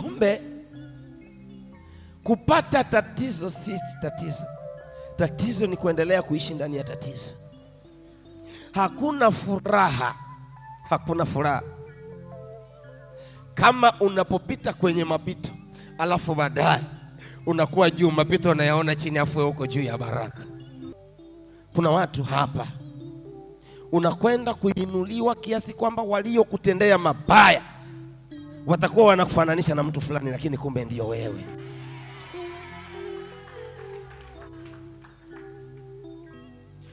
Kumbe kupata tatizo si tatizo, tatizo ni kuendelea kuishi ndani ya tatizo. Hakuna furaha, hakuna furaha kama unapopita kwenye mapito alafu baadaye unakuwa juu, mapito unayaona chini, afu huko juu ya baraka. Kuna watu hapa unakwenda kuinuliwa kiasi kwamba waliokutendea mabaya watakuwa wanakufananisha na mtu fulani, lakini kumbe ndio wewe.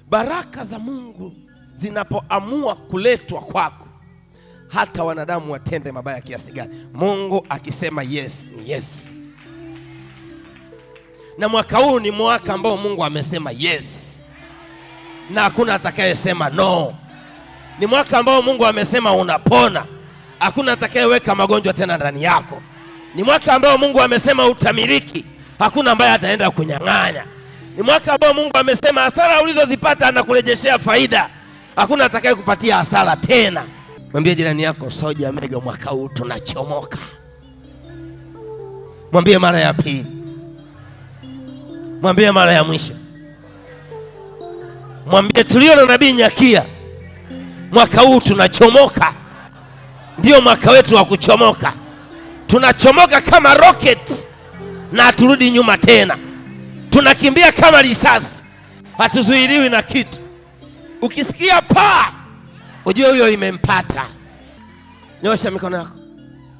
Baraka za Mungu zinapoamua kuletwa kwako, hata wanadamu watende mabaya kiasi gani, Mungu akisema yes ni yes. Na mwaka huu ni mwaka ambao Mungu amesema yes na hakuna atakayesema no. Ni mwaka ambao Mungu amesema unapona hakuna atakayeweka magonjwa tena ndani yako. Ni mwaka ambao Mungu amesema utamiliki, hakuna ambaye ataenda kunyang'anya. Ni mwaka ambao Mungu amesema hasara ulizozipata anakurejeshea faida, hakuna atakayekupatia hasara tena. Mwambie jirani yako, Soja Mega, mwaka huu tunachomoka. Mwambie mara ya pili, mwambie mara ya mwisho, mwambie tulio na nabii Nyakia, mwaka huu tunachomoka ndio mwaka wetu wa kuchomoka. Tunachomoka kama rocket na haturudi nyuma tena, tunakimbia kama risasi, hatuzuiliwi na kitu. Ukisikia paa, ujue huyo imempata. Nyosha mikono yako,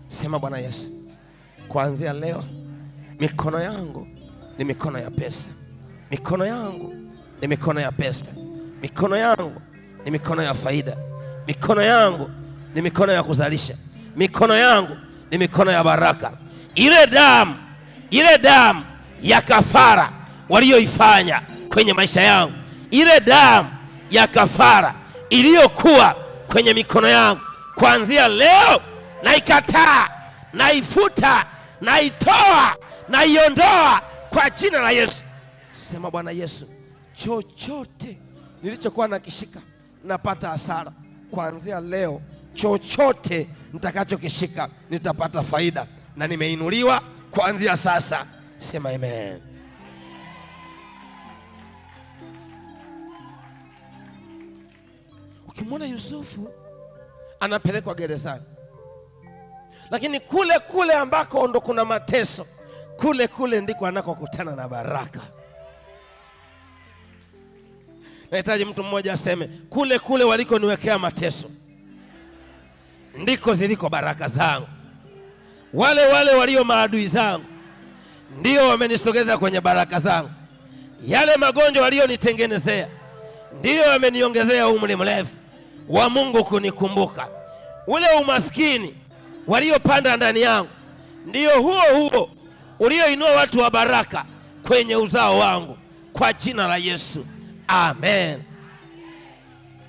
sema Bwana Yesu, kuanzia leo mikono yangu ni mikono ya pesa, mikono yangu ni mikono ya pesa, mikono yangu ni mikono ya faida, mikono yangu ni mikono ya kuzalisha. Mikono yangu ni mikono ya baraka. Ile damu, ile damu ya kafara waliyoifanya kwenye maisha yangu, ile damu ya kafara iliyokuwa kwenye mikono yangu, kuanzia leo naikataa, naifuta, naitoa, naiondoa kwa jina la Yesu. Sema Bwana Yesu, chochote nilichokuwa nakishika napata hasara kuanzia leo chochote nitakachokishika nitapata faida, na nimeinuliwa kuanzia sasa. Sema amen. Ukimwona Yusufu anapelekwa gerezani, lakini kule kule ambako ndo kuna mateso, kule kule ndiko anakokutana na baraka. Nahitaji mtu mmoja aseme, kule kule walikoniwekea mateso ndiko ziliko baraka zangu. Wale wale walio maadui zangu ndio wamenisogeza kwenye baraka zangu. Yale magonjwa walionitengenezea ndiyo yameniongezea umri mrefu wa Mungu kunikumbuka. Ule umaskini waliopanda ndani yangu ndiyo huo huo ulioinua watu wa baraka kwenye uzao wangu, kwa jina la Yesu, amen.